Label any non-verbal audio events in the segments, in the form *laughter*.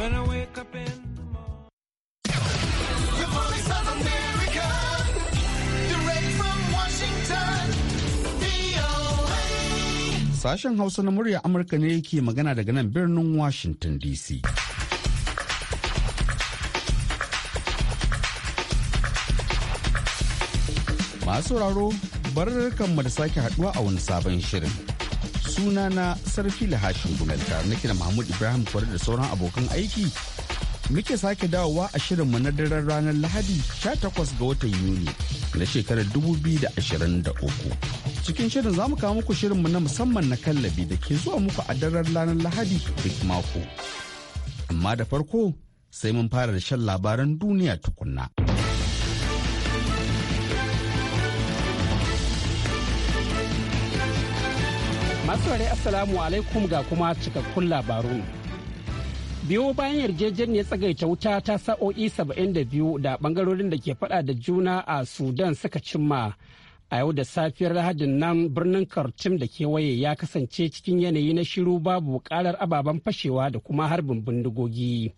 Sashen Hausa na murya Amurka ne yake magana daga nan birnin Washington DC. Masu raro bar kanmu da sake haduwa a wani sabon shirin. sunana sarfi lahashin gumenta nake da mahmud ibrahim kwar da sauran abokan aiki muke sake dawowa a shirinmu na daren ranar lahadi 18 ga watan yuni na shekarar 2023 cikin shirin za mu kawo muku shirinmu na musamman na kallabi da ke zuwa muku a daren ranar lahadi duk mako amma da farko sai mun fara da shan labaran duniya tukunna. Masu ware Assalamu alaikum ga kuma cikakkun labarun. Biyo bayan yarjejeniyar tsagaita wuta ta sa'o'i 72 da bangarorin da ke fada da juna a Sudan suka cimma a yau da safiyar lahadin nan birnin Khartoum da kewaye ya kasance cikin yanayi na shiru babu karar ababen fashewa da kuma harbin bindigogi.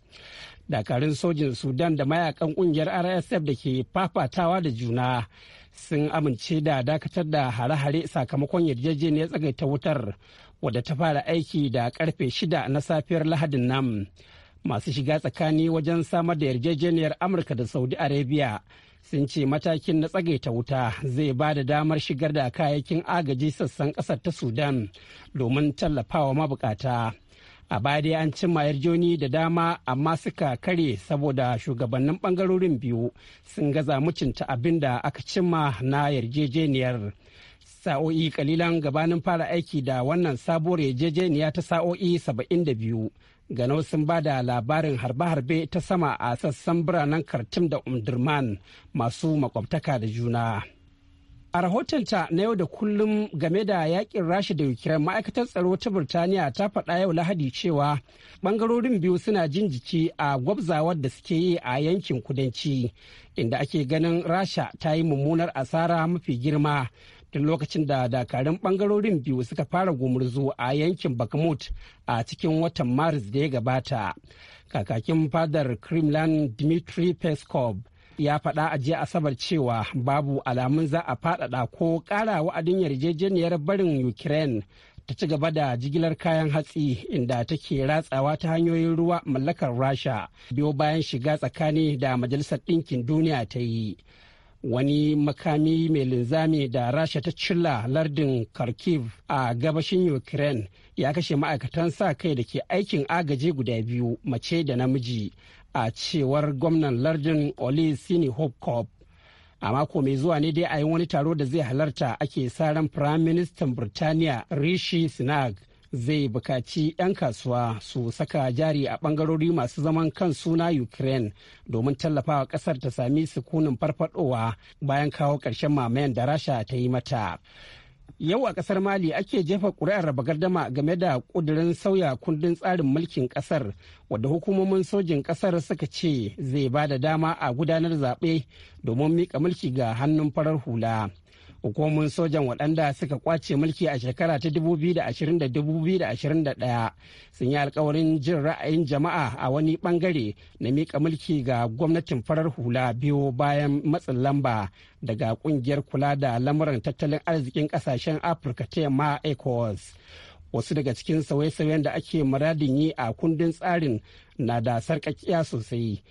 Dakarun sojin Sudan da mayakan kungiyar RSF da ke fafatawa da juna sun amince da dakatar da hare-hare sakamakon yarjejeniyar tsagaita wutar wadda ta fara aiki da karfe shida na safiyar lahadin nan masu shiga tsakani wajen samar da yarjejeniyar amurka da saudi arabia sun ce matakin na tsagaita wuta zai ba da damar shigar da kayayyakin agaji sassan kasar ta sudan domin tallafawa mabukata a baya dai an cimma yarjoni da dama amma suka kare saboda shugabannin bangarorin biyu sun gaza mutunta abin da aka cimma na yarjejeniyar sa'o'i kalilan gabanin fara aiki da wannan sabuwar yarjejeniya ta sa'o'i saba'in da biyu ganau sun ba da labarin harbe-harbe ta sama a sassan biranen kartim da umdurman masu makwabtaka da juna. A rahotonta na yau da kullum game da yakin Rasha da Ukraine ma'aikatar tsaro ta Birtaniya ta faɗa yau Lahadi cewa ɓangarorin biyu suna jin jiki a gwabzawar da suke yi a yankin kudanci inda ake ganin Rasha ta yi mummunar asara mafi girma tun lokacin da dakarun ɓangarorin biyu suka fara gumurzu a yankin Bakhmut a cikin watan Maris da ya gabata. Kakakin fadar Kremlin Dmitry Peskov ya faɗa a jiya asabar cewa babu alamun za a faɗaɗa ko ƙara wa'adin yarjejeniyar barin ukraine ta ci gaba da jigilar kayan hatsi inda take ratsawa ta hanyoyin ruwa mallakar rasha biyo bayan shiga tsakani da majalisar ɗinkin duniya ta yi wani makami mai linzami da rasha ta cilla lardin kharkiv a gabashin ukraine ya kashe ma'aikatan sa kai da ke aikin agaji guda biyu mace da namiji a cewar gwamnan lardin Oli Sini Hope a mako mai zuwa ne dai a yi wani taro da zai halarta ake sa ran firaministan birtaniya rishi snag zai bukaci 'yan kasuwa su saka jari a bangarori masu zaman kan suna ukraine domin tallafawa kasar ta sami sukunin farfadowa bayan kawo ƙarshen mamayan da rasha ta yi mata Yau a kasar Mali ake jefa ƙuri'ar raba gardama game da ƙudurin sauya kundin tsarin mulkin ƙasar wadda hukumomin sojin ƙasar suka ce zai ba da dama a gudanar zaɓe domin miƙa mulki ga hannun farar hula. hukumomin sojan waɗanda suka kwace mulki a shekara ta 2020-2021 sun yi alkawarin jin ra'ayin jama'a a wani bangare na miƙa mulki ga gwamnatin farar hula biyu bayan matsin lamba daga ƙungiyar kula da lamuran tattalin arzikin ƙasashen afirka ta yamma ecowas wasu daga cikin sauye-sauyen da ake muradin yi a kundin tsarin na da sarƙaƙiya sosai.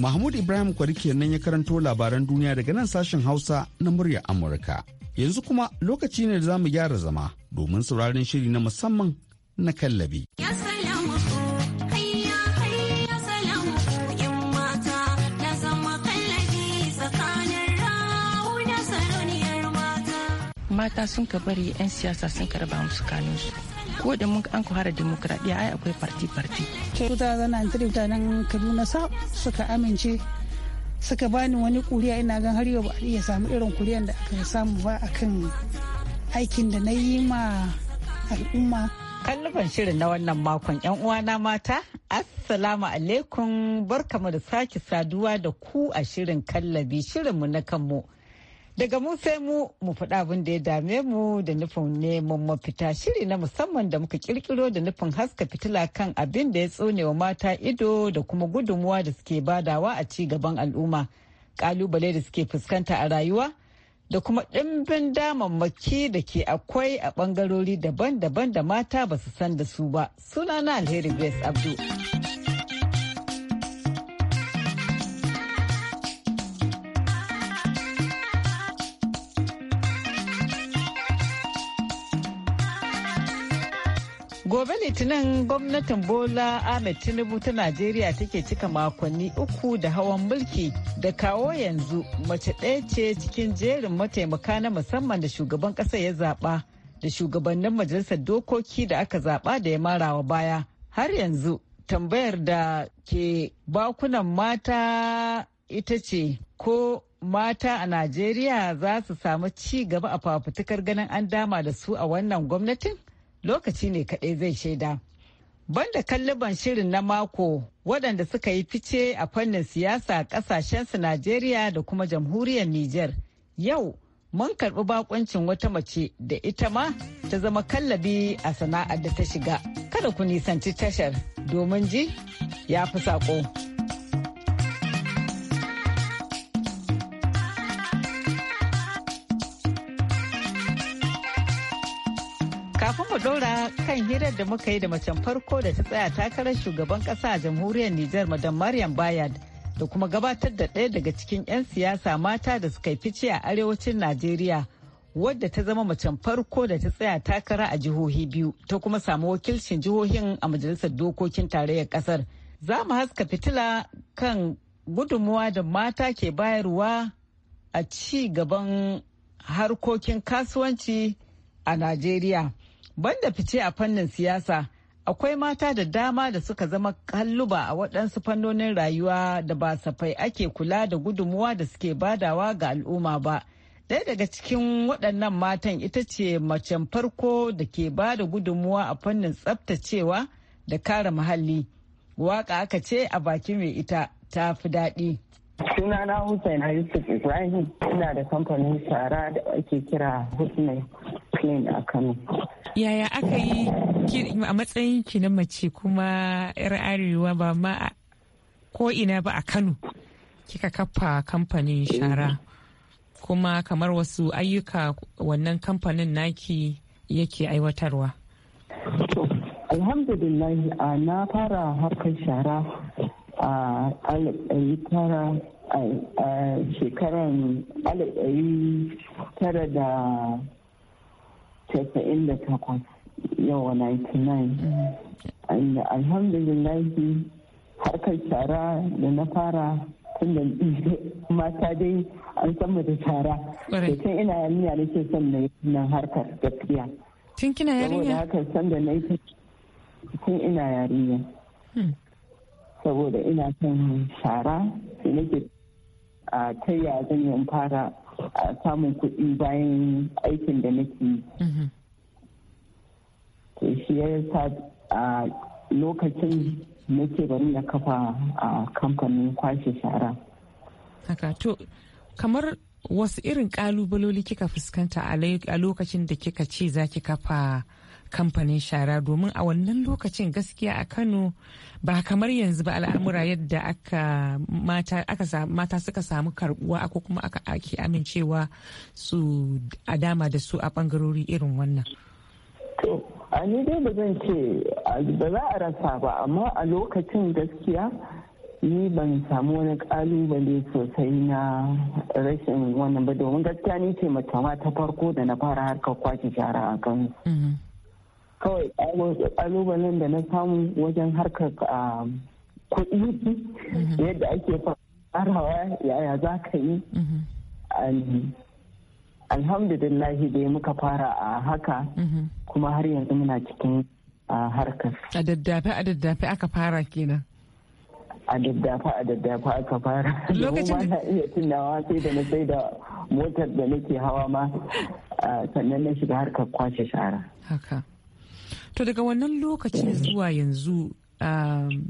Mahmud Ibrahim Kwari kenan ya karanto labaran duniya daga nan sashen Hausa na muryar Amurka. Yanzu kuma lokaci ne da za mu gyara zama domin sauraron shiri na musamman na kallabi. Mata sun ka bari 'yan siyasa sun karba musu kanunsu. ko da mun an fara demokradiyya ai akwai parti parti 2003 mutanen kaduna sa suka amince suka bani wani kuriya ina gan har yau ba iya samu irin kuriyan da aka samu ba akan aikin da na yi ma al'umma kallon shirin na wannan makon yan uwana mata assalamu alaikum barkamu da sake saduwa da ku a shirin kallabi shirinmu na kanmu Daga mun sai mu mu faɗa abin da ya dame mu da nufin neman mafita shiri na musamman da muka kirkiro da nufin haska fitila kan abin da ya tsone wa mata ido da kuma gudunmuwa da suke badawa a ci gaban al'umma. Kalubale da suke fuskanta a rayuwa da kuma ɗimbin damammaki da ke akwai a ɓangarori daban-daban da mata ba su san da su ba. Sunana Alheri Grace Abdul. Gobe Litinin gwamnatin Bola Ahmed Tinubu ta Najeriya take cika makonni uku da hawan mulki da kawo yanzu mace ɗaya ce cikin jerin mataimaka na musamman da shugaban ƙasa ya zaɓa da shugabannin majalisar dokoki da aka zaɓa da ya marawa baya. Har yanzu tambayar da ke bakunan mata ita ce ko mata a Najeriya za su samu ci gaba a fafutukar ganin an dama da su a wannan gwamnatin? lokaci ne kaɗai zai shaida. Banda kalliban shirin na mako waɗanda suka yi fice a fannin siyasa ƙasashensu Najeriya da kuma jamhuriyar Nijar. Yau mun karɓi bakoncin wata mace da ita ma ta zama kallabi a sana'ar da ta shiga. Kada ku nisanci tashar domin ji ya fi saƙo. Kafin mu ɗora kan hirar da muka yi da macen farko da ta tsaya takarar shugaban kasa a jamhuriyar Nijar Madam Maryam Bayad da kuma gabatar da ɗaya daga cikin 'yan siyasa mata da suka yi fice a arewacin Najeriya wadda ta zama macen farko da ta tsaya takara a jihohi biyu ta kuma samu wakilcin jihohin a majalisar dokokin tarayyar kasar Za mu haska fitila kan gudunmuwa da mata ke bayarwa a ci gaban harkokin kasuwanci a Najeriya. Banda fice a fannin siyasa, akwai mata da dama da suka zama kalluba a waɗansu fannonin rayuwa da ba safai ake kula da gudunmuwa da suke badawa ga al'umma ba. Ɗaya daga cikin waɗannan matan ita ce macen farko da ke ba da gudunmuwa a fannin tsaftacewa da kare muhalli. Waka aka ce a bakin mai ita ta fi daɗi. Sunana Hussein Yusuf Ibrahim ina da kamfanin shara da ake kira Hussein complain a Kano. Yaya aka yi a matsayin ki na mace kuma 'yar arewa ba ma ko ina ba a Kano kika kafa kamfanin shara eh. kuma kamar wasu ayyuka wannan kamfanin naki yake aiwatarwa. Alhamdulillah na fara harkar shara a tara a shekarar alif tara da casa'in da takwas yawa 99 And alhamdulillah harkar shara da na fara tun da mata dai an san da shara da tun ina yarinya ke son na nan harkar gaskiya tun kina yarinya haka san da na tun ina yarinya hmm. saboda ina son shara sai nake a ta yi zan fara a samun kuɗi bayan aikin da nake mm-hmm. to shi ya sa a lokacin nake bari na kafa a kamfanin kwashe shara haka to kamar wasu irin kalubaloli kika fuskanta a lokacin da kika ce za ki kafa kamfanin shara domin a wannan lokacin gaskiya a kano ba kamar yanzu ba al'amura yadda aka mata, aka, mata suka samu karbuwa ko kuma aka ake amincewa su a dama da su a bangarori irin wannan to a ni dai ba zan ce ba za a rasa ba amma a lokacin gaskiya ni ban samu wani kalubale sosai na rashin wannan ba domin gaskiya ni ce mata ta farko da na fara harkar kwaki shara a kano mm-hmm. kawai kalubalen da na samu wajen harkar ah, kuɗi mhm. yadda ake farawa yaya za ka yi mhm. alhamdulillahi dai muka fara a haka mhm. kuma har yanzu muna cikin ah, harkar a daddafe a daddafe aka fara kenan a daddafa a daddafa aka fara lokacin da iya tunawa sai da na sai da motar da nake hawa ma ah, sannan na shiga harkar kwace shara haka to daga wannan lokacin zuwa yanzu um,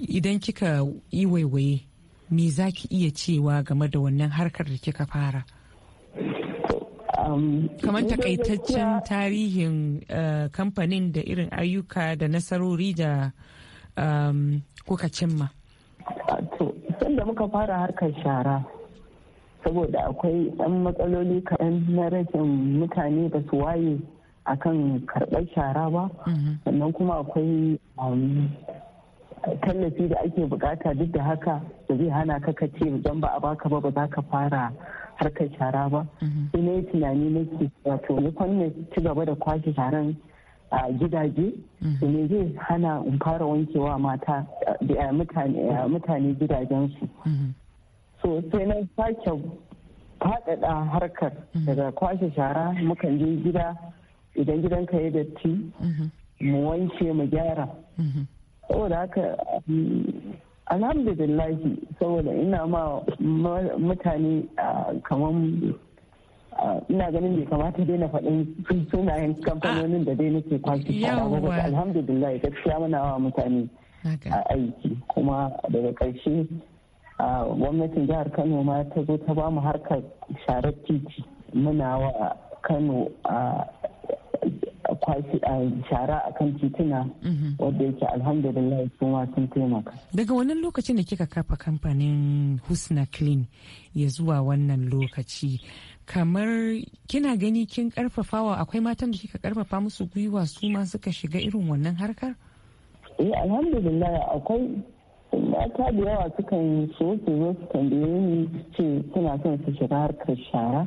idan kika yi waiwaye me za ki iya cewa game da wannan harkar da kika fara um, kamar takaitaccen tarihin uh, kamfanin da irin ayyuka da nasarori da um, kuka cimma to da muka fara harkar shara saboda akwai 'yan matsaloli kaɗan na rashin mutane da su waye akan karɓar shara ba mhm. sannan kuma akwai um, tallafi da ake bukata duk da haka da zai hana ka ka ce idan ba a baka ba ba za ka fara harkar shara ba mhm. ina yi tunani nake wato ni kwanne ci gaba da kwashe sharan a gidaje ne mhm. zai hana in fara wankewa mata mutane gidajensu so sai na sake faɗaɗa harkar daga kwashe shara mukan je gida idan gidanka ya datti mm-hmm. mu wanke mu gyara mm-hmm. saboda haka um, alhamdulillah saboda ina ma mutane kamar ina ganin bai kamata dai na faɗin sunayen kamfanonin da dai nake kwanci ba alhamdulillah gaskiya muna wa mutane a aiki kuma daga ƙarshe gwamnatin jihar kano ma ta zo ta bamu harkar sharar titi muna wa kano a kwaki a shara a kan tituna mhm. wadda yake alhamdulillah sun sun taimaka. Daga wannan lokacin da kika kafa kamfanin Husna Clean ya zuwa wannan lokaci kamar kina gani kin karfafawa akwai matan da kika karfafa musu gwiwa su ma suka shiga irin wannan harkar? Eh alhamdulillah akwai mata da yawa sukan so su zo su tambaye ni ce suna son su shiga harkar shara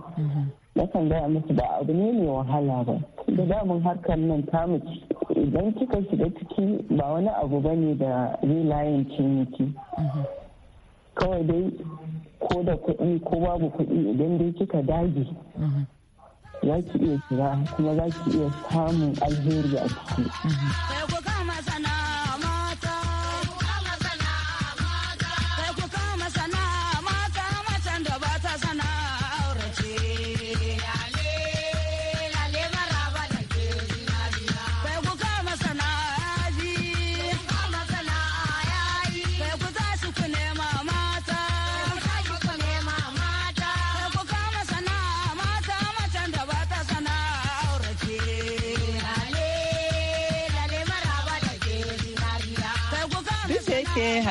kan gaya musu ba abu ne mai wahala ba da damun harkar nan ta mace idan kika shiga ciki ba wani abu ba ne da zai layin ciniki kawai dai ko da kuɗi ko babu kuɗi idan dai kika dage za ki iya shiga kuma za ki iya samun alheri a ciki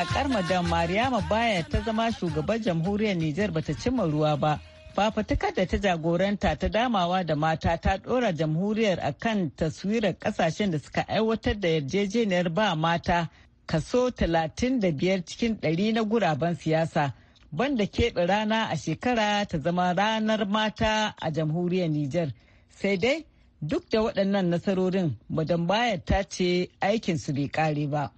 yakar madam Mariama Baya ta zama shugaban jamhuriyar Nijar bata cimma ruwa ba. Fafatukar da ta jagoranta ta damawa da mata ta ɗora jamhuriyar akan taswirar ƙasashen da suka aiwatar da yarjejeniyar ba mata kaso 35 cikin 100 na guraben siyasa. Banda keɓe rana a shekara ta zama ranar mata a jamhuriyar Nijar. Sai dai duk da waɗannan nasarorin, madam baya ta ce aikin su bai kare ba.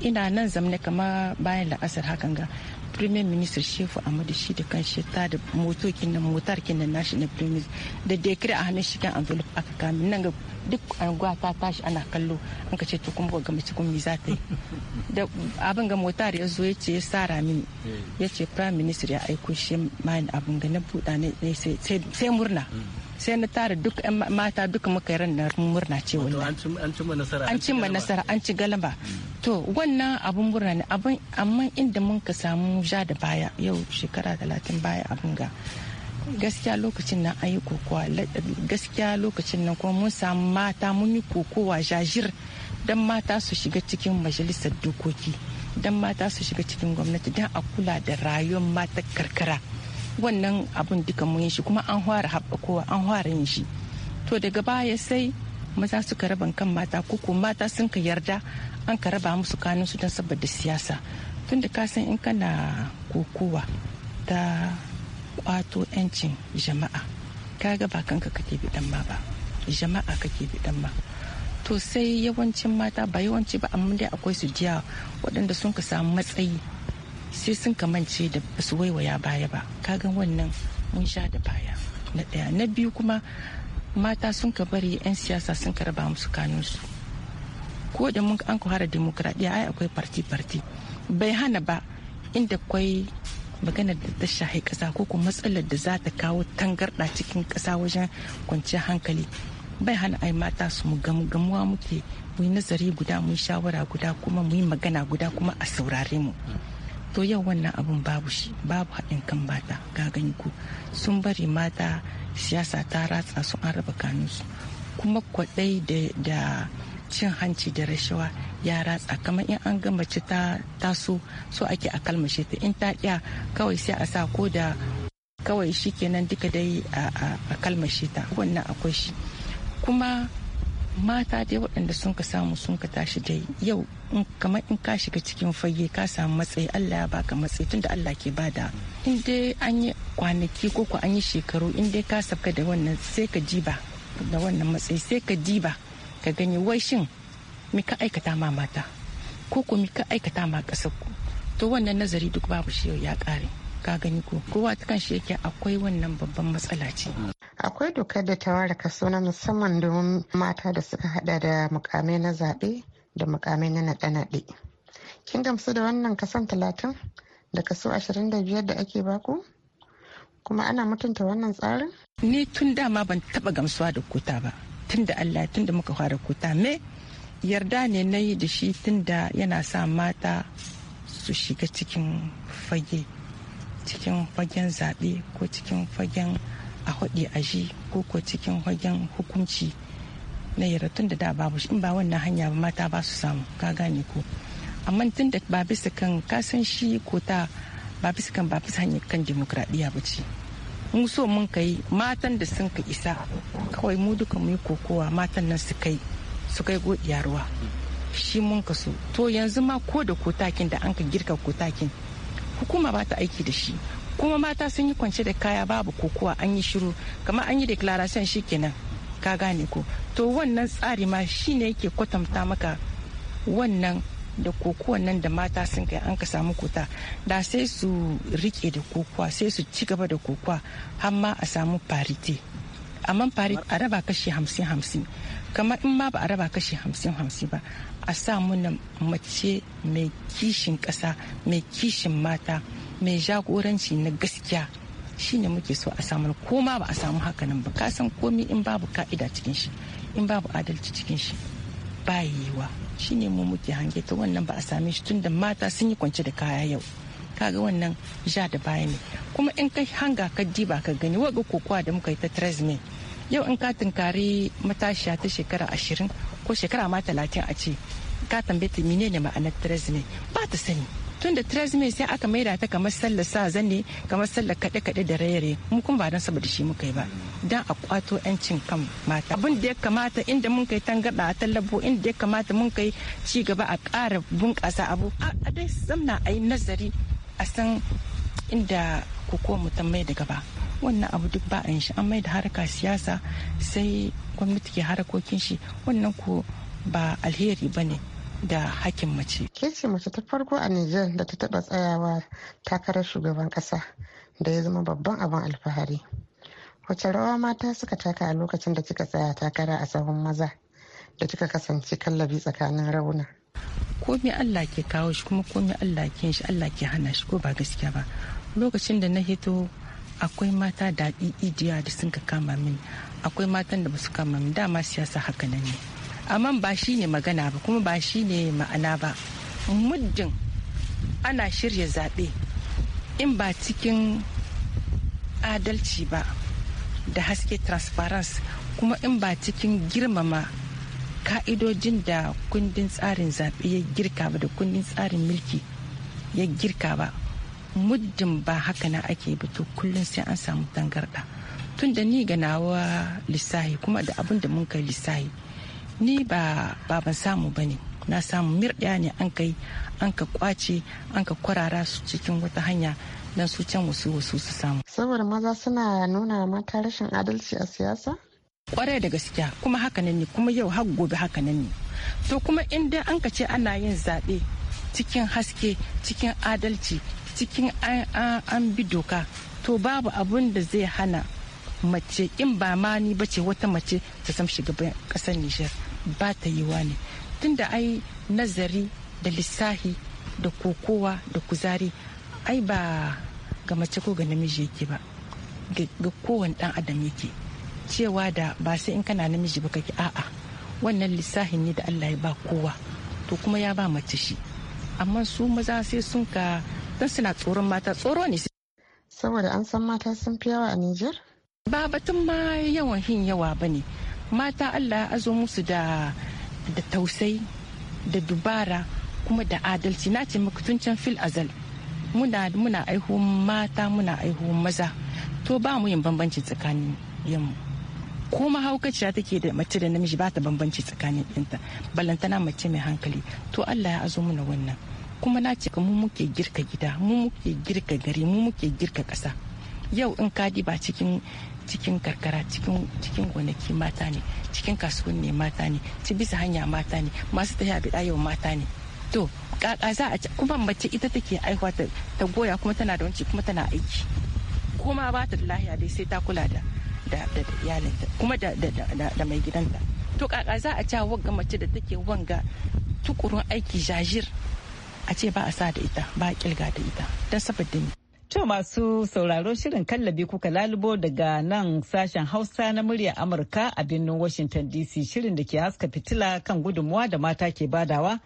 ina nan zamne kama bayan la'asar hakan ga premier minister shefu amadu shi da kan shi ta da motokin nan motar kin nan nashi na premier da dekri a hannun shi kan envelope aka kame nan ga duk anguwa ta tashi ana kallo an ka ce to kuma ga mace kuma za ta yi *laughs* da abin ga motar ya zo ya ce ya sara mini hmm. ya ce prime minister ya aiko shi mayan abin ga na buɗa ne sai murna hmm. sai na tara duk mata duka muka yi ranar murna ce an cimma nasara an nasara an ci galaba to wannan abun murna ne abun amma inda mun ka samu ja da baya yau shekara talatin baya abun ga gaskiya lokacin nan an yi kokowa gaskiya lokacin nan kuma mun samu mata mun yi kokowa jajir dan mata su shiga cikin majalisar dokoki dan mata su shiga cikin gwamnati dan a kula da rayuwar mata karkara wannan abun duka mun yi shi kuma an fara haɓakowa an fara yin shi to daga baya sai maza suka raban kan mata ko mata sun ka yarda an ka raba musu kanun su don saboda siyasa tun da kasan in kana kokowa ta kwato 'yancin jama'a ka ga ba kanka kake bidan ma ba jama'a kake bidan ma to sai yawancin mata ba yawanci ba amma dai akwai su jiya waɗanda sun ka samu matsayi sai sun kamance da su waiwaya baya ba kagan wannan mun sha da baya na ɗaya na biyu kuma mata sun ka bari 'yan siyasa sun ka raba musu kanunsu ko da mun an hara demokradiyya ai akwai parti parti bai hana ba inda kwai maganar da ta shahi kasa ko kuma matsalar da za ta kawo tangarɗa cikin kasa wajen kwanciyar hankali bai hana ai mata su mu gamuwa muke mu yi nazari guda mu yi shawara guda kuma mu yi magana guda kuma a saurare mu to yau wannan abun babu shi babu haɗin kan mata ga gani ku sun bari mata siyasa ta ratsa sun an raba kanunsu kuma kwaɗai da cin hanci da rashawa ya ratsa kamar in an ga mace ta taso so ake a kalmashe ta in ta kya kawai sai a sa ko da kawai shi kenan duka dai a kalmashe ta wannan akwai shi kuma mata dai waɗanda sun ka samu sun ka tashi dai yau kamar in ka shiga cikin fage ka samu matsayi Allah ya baka matsayi tunda Allah ke bada in dai an yi kwanaki ko ko an yi shekaru in dai ka sabka da wannan sai ka jiba da wannan matsayi sai ka diba ka gani wai shin mi ka aikata ma mata ko ko mi ka aikata ma ƙasar ku to wannan nazari duk babu shi ya kare ka gani ko kowa ta kan shi yake akwai wannan babban matsala ce akwai dokar da ta ware kaso na musamman domin mata da suka hada da mukamai na zaɓe da mukamai na naɗe-naɗe kin gamsu da wannan kason talatin da kaso ashirin da biyar da ake baku kuma ana mutunta wannan tsarin ni tun dama ban taba gamsuwa da kuta ba tun da allah tun da muka fara kuta me yarda ne na yi da shi tun da yana sa mata su shiga cikin fage cikin fagen zaɓe ko cikin fagen a haɗe a shi ko ko cikin hagen hukunci na yara tun da da babu in ba wannan hanya ba mata ba su samu ka gane ko amma tun da ba bisa kan kasan shi ko ta ba bisa kan ba bisa hanyar kan demokradiyya ba ce mu so mun kai matan da sun ka isa kawai mu duka mu yi kokowa matan nan su kai su kai godiya ruwa shi mun ka so to yanzu ma ko da kotakin da an ka girka kotakin hukuma ba ta aiki da shi kuma mata sun yi kwance da kaya babu kuwa an yi shiru kamar an yi declaration kenan ka gane ko to wannan tsari ma shine yake kwatanta maka wannan da kokowa nan da mata sun kai an ka samu kuta da sai su rike da kokowa sai su ci gaba da kokowa har ma a samu parity amma fari a raba kashi hamsin hamsin kama in ma ba a raba kashi hamsin hamsin ba a sa na mace mai kishin kasa mai kishin mata mai jagoranci na gaskiya shine muke so a samu koma ba a samu hakanan ba ka san komi in babu ka'ida cikin shi in babu adalci cikin shi ba yiwa shine mu muke hange ta wannan ba a same shi tunda mata sun yi kwance da kaya yau ka ga wannan ja da baya ne kuma in ka hanga ka diba ka gani waga kokowa da muka yi ta tresme yau in ka tunkari matashiya ta shekara ashirin ko shekara ma talatin a ce ka tambaye ta menene ma'anar tresme ba ta sani tun da tresme sai aka maida ta kamar sallar sa zanne kamar sallar kade kade da raye mu kuma ba dan saboda shi muka yi ba dan a kwato yancin kan mata abin da ya kamata inda mun kai tangada a tallabo inda ya kamata mun kai ci gaba a ƙara bunƙasa abu a dai zamna a yi nazari a san inda koko mutum mai da gaba wannan abu duk ba a shi an mai da harka siyasa sai gwamnati ke harakokin shi wannan ku ba alheri ba ne da hakkin mace. Ke mace ta farko a Nijar da ta taba tsayawa takarar shugaban kasa da ya zama babban abin alfahari. Wace rawa mata suka taka a lokacin da kika tsaya takara a sahun maza da kika kasance kallabi tsakanin rauna. Komi Allah ke kawo shi kuma komi Allah ke shi Allah ke hana shi ko ba gaskiya ba. Lokacin da na hito akwai mata da idiya da sun ka kama min akwai matan da ba su kama min dama siyasa haka nan ne. amma ba shi ne magana ba kuma ba shi ne ma'ana ba muddin ana shirya zaɓe in ba cikin adalci ba da haske transparency kuma in ba cikin girmama ka'idojin da kundin tsarin zaɓe ya girka ba da kundin tsarin mulki ya girka ba muddin ba haka na ake ba to kullum sai an samu tangarɗa tun da ni ga nawa lissahi kuma da abin da mun kai lissahi ni ba ba ban samu ba ne na samu mirɗiya ne an kai an ka kwace an ka kwarara su cikin wata hanya don su can wasu wasu su samu. Saboda maza suna nuna mata rashin adalci a siyasa? Kwarai da gaskiya kuma hakanan ne kuma yau har gobe hakanan ne. To kuma inda an ka ce ana yin zaɓe cikin haske cikin adalci cikin an bi doka to babu abun da zai hana mace in ba ma ni ba ce wata mace ta shiga shugaban kasar Nijar ba ta yiwa ne tunda ai nazari da lissahi da kokowa da kuzari ai ba ga mace ko ga namiji yake ba ga kowane dan adam yake cewa da ba sai in kana namiji ba kake a'a wannan lissahin ne da Allah ya ba kowa to kuma ya ba mace shi amma su maza sai sun ka dan suna tsoron mata tsoro ne saboda an san mata sun fi yawa a Nijar ba batun ma yawan hin yawa ba ne mata allah ya azo musu da da tausai da dubara kuma da adalci na ce fil azal muna muna mata muna aihu maza to ba mu yin bambanci tsakanin yammu ko mahaukaciya take da mace da namiji ba ta bambanci tsakanin ɗinta ballantana mace mai hankali to allah ya azo muna wannan kuma na ce mu muke girka gida mu muke girka gari mu muke girka kasa yau in kadi ba cikin cikin karkara cikin gonaki mata ne cikin kasuwanni mata ne ci bisa hanya mata ne masu tafiya yabi yau mata ne to kaka za a kuma mace ita take aihuwa ta goya kuma tana da wanci kuma tana aiki kuma ba ta da lahiya dai sai ta kula da da iyalinta kuma da mai gidanta to kaka za a ca wanga mace da take wanga tukurun aiki jajir a ce ba a sa da ita ba a kilga da ita don saboda ne To masu sauraro shirin kallabi kuka lalubo daga nan sashen Hausa na murya Amurka a birnin Washington DC shirin da ke haska fitila kan gudunmuwa da mata ke badawa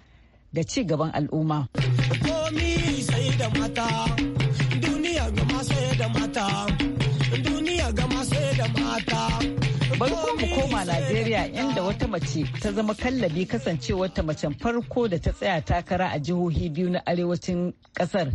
ga ci gaban al'umma. Komi Bari mu koma Najeriya inda wata mace ta zama kallabi kasancewar ta macen farko da ta tsaya takara a jihohi biyu na arewacin kasar.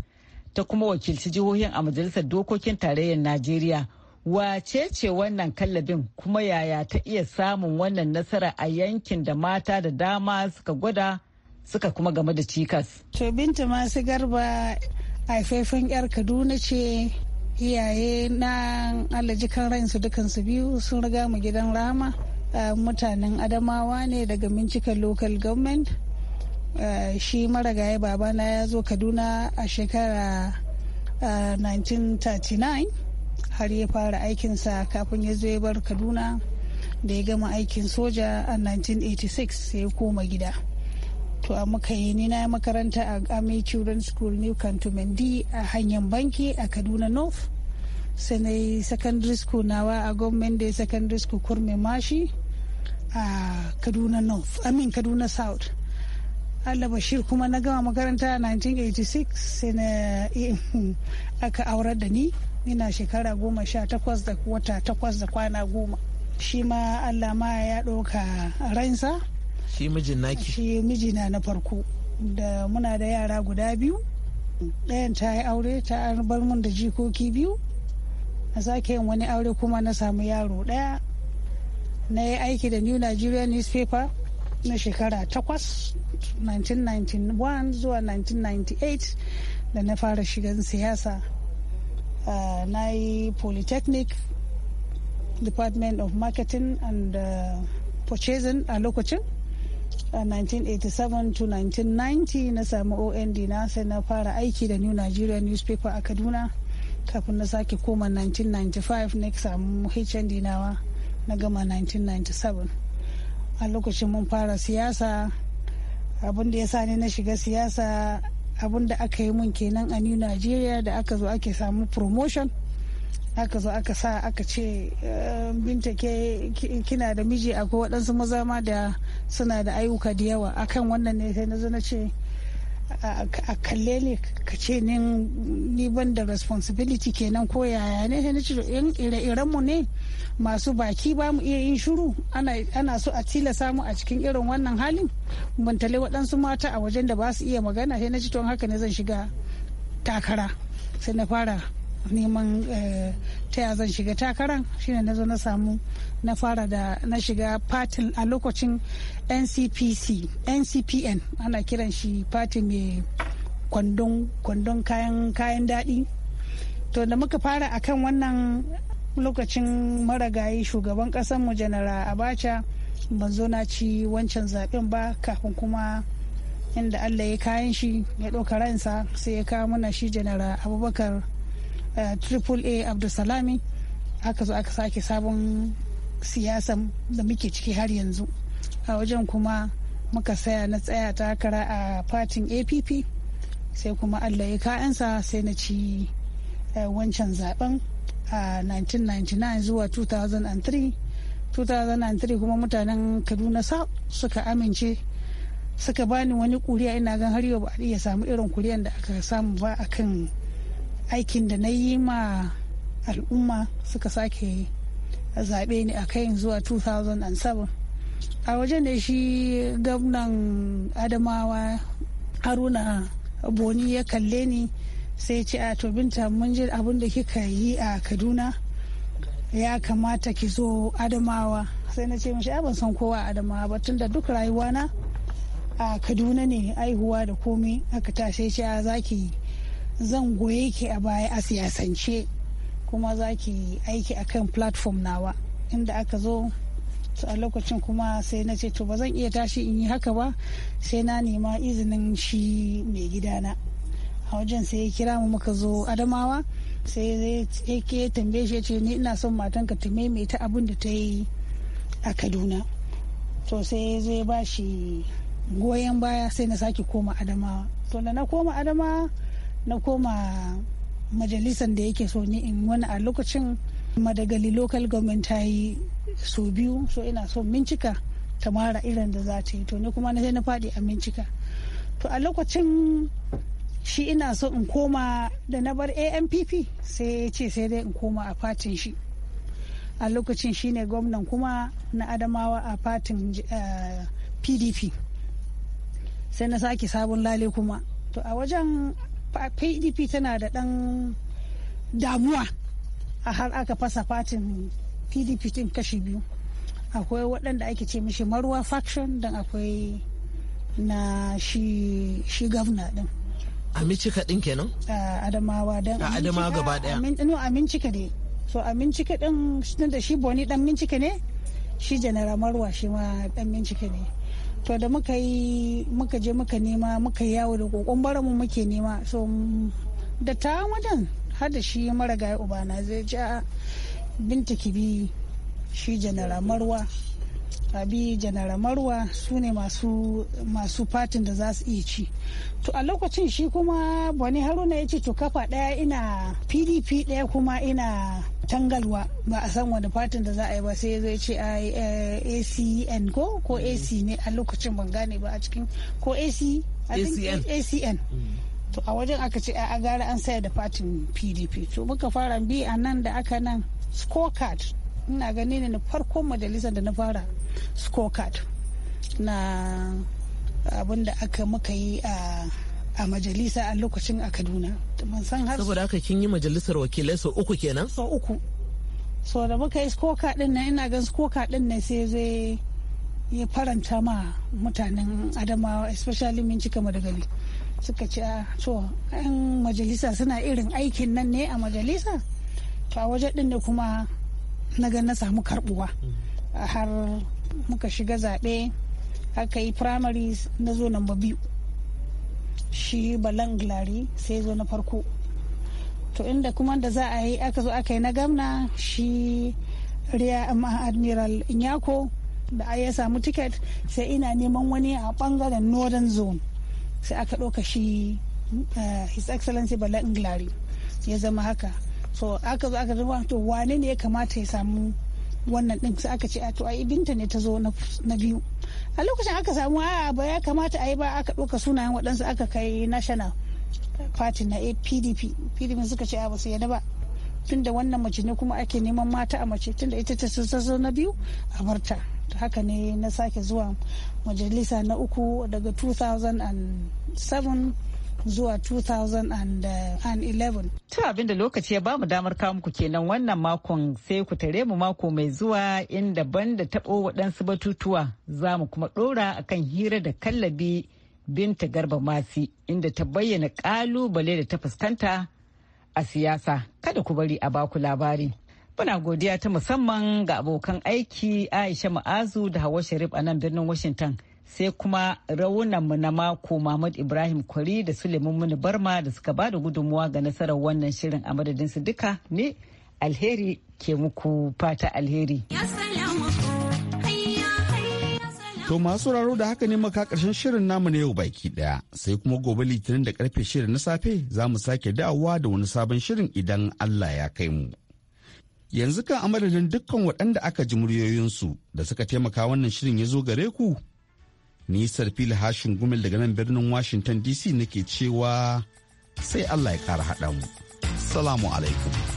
ta kuma wakilci jihohin a majalisar dokokin tarayyar najeriya wace ce wannan kallabin kuma yaya ta iya samun wannan nasara a yankin da mata da dama suka gwada suka kuma game da cikas to binta masu garba haifaifin yar kaduna ce iyaye na alajikan ransu dukansu biyu sun riga mu gidan rama ah, mutanen adamawa ne daga binciken local government Eh, shi maragaye babana ya zo kaduna a shekara 1939 eh, har ya fara aikinsa kafin ya zo ya bar kaduna da ya gama aikin soja a 1986 sai ya koma gida to a muka yi ni na makaranta a army children's school new cantonment a hanyar banki a kaduna north sanai secondary school nawa a government day secondary school kurmi mashi a kaduna north amin kaduna south Allah Bashir kuma na gama makaranta 1986 sai na *laughs* aka aurar da ni ina shekara goma sha takwas da wata takwas da kwana goma shi ma Allah ma ya ɗauka ransa shi mijin naki shi mijina na farko da muna da yara guda biyu ɗayan ta yi aure ta bar mun da jikoki biyu na sake yin wani aure kuma na samu yaro ɗaya na yi aiki da new Nigeria newspaper na shekara takwas 1991 zuwa 1998 da na fara shigan siyasa uh, na yi polytechnic department of marketing and uh, purchasing a lokacin a 1987 to 1990 na samu ond na sai na fara aiki da new nigeria newspaper a kaduna kafin na sake koma 1995 na samu hnd nawa na gama 1997 a lokacin mun fara siyasa abin da ya sa ne na shiga siyasa abin da aka yi mun kenan a new nigeria da aka zo ake samu promotion aka zo aka sa aka ce eh, binta ke kina da miji akwai waɗansu maza ma da suna da ayyuka da yawa akan wannan ne sai na zo na ce a kalle ne ka ce ni ban da responsibility kenan ko yaya ne na ce in ire-iren mu ne masu baki ba mu iya yin shuru ana so a tila samu a cikin irin wannan halin bantale waɗansu mata a wajen da ba su iya magana sai na ce to haka ne zan shiga takara sai na fara neman eh, ta ya zan shiga takaran shine na zo na samu na fara da na shiga fatin a lokacin ncpc ncpn ana kiran shi fatin mai kwandon kayan kayan daɗi to da muka fara akan wannan lokacin maragayi shugaban mu janara abacha ban zo na ci wancan zaɓen ba kafin kuma inda allah ya kayan shi ya ɗauka ransa sai ya kawo mana shi janara abubakar triple a abdulsalami haka zo aka sake sabon siyasan da muke ciki har yanzu a wajen kuma muka saya na tsaya takara a fatin app sai kuma allah ya kayansa sai na ci eh, wancan zaben a 1999 zuwa 2003 2003 kuma mutanen kaduna suka amince suka bani wani kuriya ina gan har yau ba a iya samu irin kuriyan da aka samu ba akan aikin da na yi ma al'umma suka sake zaɓe ni a kai zuwa 2007 a wajen da shi gamnan adamawa haruna boni ya kalle ni sai ce a to binta mun ji abin da kika yi a kaduna ya kamata ki zo adamawa sai na ce mashi ban san kowa adamawa ba tun da duk rayuwana a kaduna ne aihuwa da komai aka tashe shi a zaki zan goye ki a baya a siyasance kuma za ki aiki a kan platform nawa inda aka zo a lokacin kuma sai na ce to ba zan iya tashi in yi haka ba sai na nema izinin shi mai gidana a wajen sai ya kira mu muka zo adamawa sai ya tambaye shi ya ce ni ina son matanka ta maimaita abin da ta yi a kaduna to sai zai ba shi goyon baya sai na sake koma adamawa to da na koma adamawa na koma majalisar da yake so ni in wani a lokacin madagali local government ta yi so biyu so ina so mincika ta mara irin da za ta yi to ni kuma na sai na fadi a mincika to a lokacin shi ina so in koma da na bar ampp sai ya ce sai dai in koma a fatin shi a lokacin shi ne gwamnan kuma na adamawa a fatin pdp eh, sai na sake sabon lale kuma to a wajen pdp e tana da ɗan damuwa a har aka fasa fatin pdp e din kashi biyu akwai waɗanda ake ce mishi marwa faction don akwai na shi shi gwamna din amincika din kenan a adamawa don a adamawa gaba daya no amincika ne so amincika din da shi boni dan mincika ne shi janara marwa shi ma dan mincika ne to da muka yi muka je muka nema muka yawo da kokon mu muke nema so da ta wajen har shi mara gaya ubana zai ja binta kibi shi janara marwa abi janara marwa su ne masu fatin da za su iya ci to a lokacin shi kuma bani haruna ya ce to kafa daya ina pdp daya kuma ina tangalwa ba a san wani fatin da za a yi ba sai zai ce acn ah, eh, ko ko mm. ac ne a lokacin ban gane ba a cikin ko ac acn mm. to a wajen aka ce ah, a gara an saya da fatin pdp to muka fara bi a nan da aka nan scorecard ina gani ne na farko majalisar da na fara scorecard na abin da aka muka yi a a majalisa a lokacin a kaduna ban san har saboda haka kin yi majalisar wakilai sau uku kenan sau uku so da muka yi skoka din nan ina gan skoka din nan sai zai ya faranta ma mutanen adamawa especially min cika madagali suka ce ah, to yan majalisa suna irin aikin nan ne a majalisa to a waje din ne kuma na ga na samu karbuwa mm. har muka shiga zaɓe aka yi primaries na zo namba biyu shi balanglari sai zo na farko to inda kuma da za a yi aka zo aka yi na gamna shi riya amma admiral nyako da ya samu tiket sai ina neman wani a bangaren northern zone sai aka ɗauka shi eh, his excellency balanglari ya zama haka so aka zo aka zama to wane ne ya kamata ya samu wannan ɗin sai aka ce a to ai binta ne ta zo na biyu a lokacin aka samu a ba ya kamata a yi ba aka ɗauka sunayen waɗansu aka kai national party na pdp pdp suka ce a ba su yadda ba tunda wannan mace ne kuma ake neman mata a mace tunda ita ta sassa na biyu a barta ta haka ne na sake zuwa majalisa na uku daga 2007 zuwa 2011. ta abinda lokaci ya bamu damar kawo muku kenan wannan makon sai ku tare mu mako mai zuwa inda ban da taɓo waɗansu batutuwa za mu kuma ɗora akan hira da kallabi binta garba masi inda ta bayyana ƙalubale da ta fuskanta a siyasa kada ku bari a baku labari. Muna godiya ta musamman ga abokan aiki Aisha Ma'azu da Hawa Sharif a nan birnin Washington. sai kuma raunanmu na mako Mahmud Ibrahim Kwari da Suleiman Muni Barma da suka ba da gudunmuwa ga nasarar wannan shirin a su duka ne alheri ke muku fata alheri. To masu raro da haka ne maka karshen shirin namu na yau baki daya sai kuma gobe litinin da karfe shirin na safe za mu sake dawowa da wani sabon shirin idan Allah ya kai mu. Yanzu kan amadadin dukkan waɗanda aka ji muryoyinsu da suka taimaka wannan shirin ya zo gare ku ni sarfil hashin gumel daga nan birnin washington dc nake cewa sai allah ya kara haɗa mu salamu alaikum